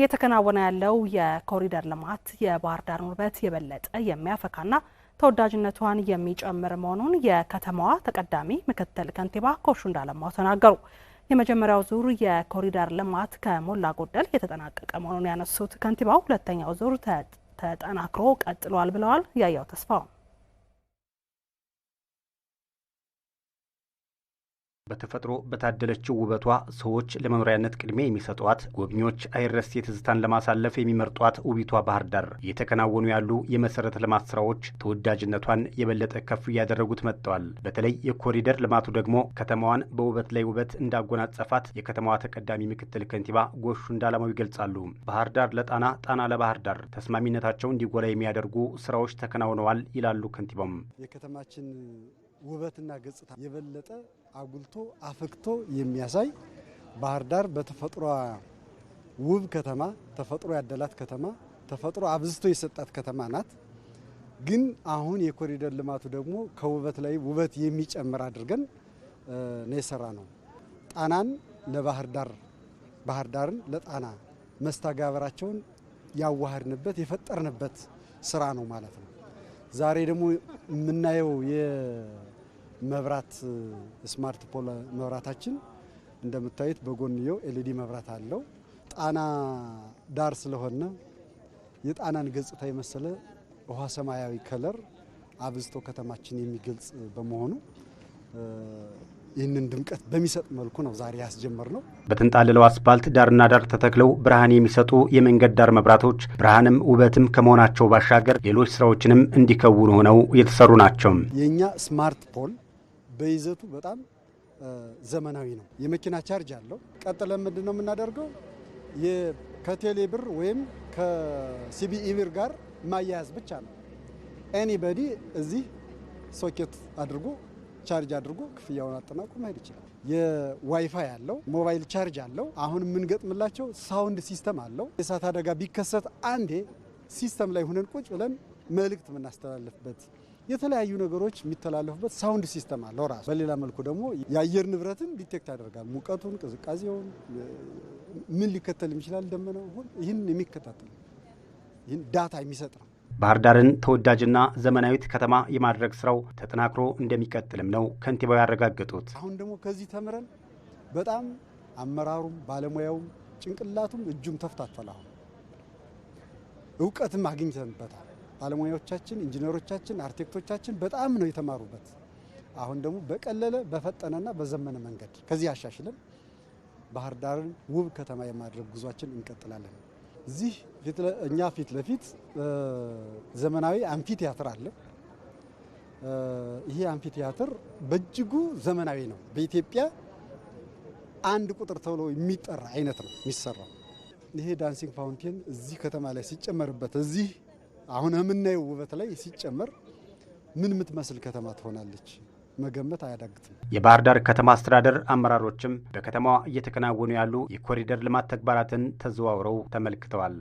እየተከናወነ ያለው የኮሪደር ልማት የባህር ዳርን ውበት የበለጠ የሚያፈካና ተወዳጅነቷን የሚጨምር መሆኑን የከተማዋ ተቀዳሚ ምክትል ከንቲባ ኮሹ እንዳለማው ተናገሩ። የመጀመሪያው ዙር የኮሪደር ልማት ከሞላ ጎደል የተጠናቀቀ መሆኑን ያነሱት ከንቲባው ሁለተኛው ዙር ተጠናክሮ ቀጥሏል ብለዋል። ያየው ተስፋው በተፈጥሮ በታደለችው ውበቷ ሰዎች ለመኖሪያነት ቅድሚያ የሚሰጧት፣ ጎብኚዎች አይረስ የትዝታን ለማሳለፍ የሚመርጧት ውቢቷ ባህር ዳር እየተከናወኑ ያሉ የመሰረተ ልማት ስራዎች ተወዳጅነቷን የበለጠ ከፍ እያደረጉት መጥተዋል። በተለይ የኮሪደር ልማቱ ደግሞ ከተማዋን በውበት ላይ ውበት እንዳጎናጸፋት የከተማዋ ተቀዳሚ ምክትል ከንቲባ ጎሹ እንዳላማው ይገልጻሉ። ባህር ዳር ለጣና፣ ጣና ለባህር ዳር ተስማሚነታቸው እንዲጎላ የሚያደርጉ ስራዎች ተከናውነዋል ይላሉ ከንቲባም የከተማችን ውበትና ገጽታ የበለጠ አጉልቶ አፍክቶ የሚያሳይ ባህር ዳር በተፈጥሯ ውብ ከተማ፣ ተፈጥሮ ያደላት ከተማ፣ ተፈጥሮ አብዝቶ የሰጣት ከተማ ናት። ግን አሁን የኮሪደር ልማቱ ደግሞ ከውበት ላይ ውበት የሚጨምር አድርገን ነው የሰራ ነው። ጣናን ለባህር ዳር ባህር ዳርን ለጣና መስተጋበራቸውን ያዋሃድንበት የፈጠርንበት ስራ ነው ማለት ነው። ዛሬ ደግሞ የምናየው የመብራት ስማርት ፖል መብራታችን እንደምታዩት በጎንየው ኤልዲ መብራት አለው። ጣና ዳር ስለሆነ የጣናን ገጽታ የመሰለ ውሃ ሰማያዊ ከለር አብዝቶ ከተማችን የሚገልጽ በመሆኑ ይህንን ድምቀት በሚሰጥ መልኩ ነው ዛሬ ያስጀመር ነው። በተንጣለለው አስፓልት ዳርና ዳር ተተክለው ብርሃን የሚሰጡ የመንገድ ዳር መብራቶች ብርሃንም ውበትም ከመሆናቸው ባሻገር ሌሎች ስራዎችንም እንዲከውኑ ሆነው የተሰሩ ናቸው። የእኛ ስማርት ፖል በይዘቱ በጣም ዘመናዊ ነው። የመኪና ቻርጅ አለው። ቀጥለን ምንድን ነው የምናደርገው? ከቴሌ ብር ወይም ከሲቢኢ ብር ጋር ማያያዝ ብቻ ነው። ኤኒበዲ እዚህ ሶኬት አድርጎ ቻርጅ አድርጎ ክፍያውን አጠናቆ መሄድ ይችላል። የዋይፋይ አለው፣ ሞባይል ቻርጅ አለው። አሁን የምንገጥምላቸው ሳውንድ ሲስተም አለው። የእሳት አደጋ ቢከሰት አንዴ ሲስተም ላይ ሁነን ቁጭ ብለን መልእክት የምናስተላልፍበት የተለያዩ ነገሮች የሚተላለፉበት ሳውንድ ሲስተም አለው ራሱ። በሌላ መልኩ ደግሞ የአየር ንብረትን ዲቴክት ያደርጋል። ሙቀቱን፣ ቅዝቃዜውን፣ ምን ሊከተል ይችላል፣ ደመና፣ ይህን የሚከታተል ይህን ዳታ የሚሰጥ ነው። ባህር ዳርን ተወዳጅና ዘመናዊት ከተማ የማድረግ ስራው ተጠናክሮ እንደሚቀጥልም ነው ከንቲባው ያረጋገጡት። አሁን ደግሞ ከዚህ ተምረን በጣም አመራሩም ባለሙያውም ጭንቅላቱም እጁም ተፍታቷል። አሁን እውቀትም አግኝተንበታል። ባለሙያዎቻችን፣ ኢንጂነሮቻችን፣ አርቴክቶቻችን በጣም ነው የተማሩበት። አሁን ደግሞ በቀለለ በፈጠነና በዘመነ መንገድ ከዚህ አሻሽለን ባህር ዳርን ውብ ከተማ የማድረግ ጉዟችን እንቀጥላለን። እዚህ እኛ ፊት ለፊት ዘመናዊ አምፊ ቲያትር አለ። ይሄ አምፊ ቲያትር በእጅጉ ዘመናዊ ነው። በኢትዮጵያ አንድ ቁጥር ተብሎ የሚጠራ አይነት ነው የሚሰራው። ይሄ ዳንሲንግ ፋውንቴን እዚህ ከተማ ላይ ሲጨመርበት እዚህ አሁን የምናየው ውበት ላይ ሲጨመር ምን የምትመስል ከተማ ትሆናለች? መገመት አያዳግትም። የባህር ዳር ከተማ አስተዳደር አመራሮችም በከተማዋ እየተከናወኑ ያሉ የኮሪደር ልማት ተግባራትን ተዘዋውረው ተመልክተዋል።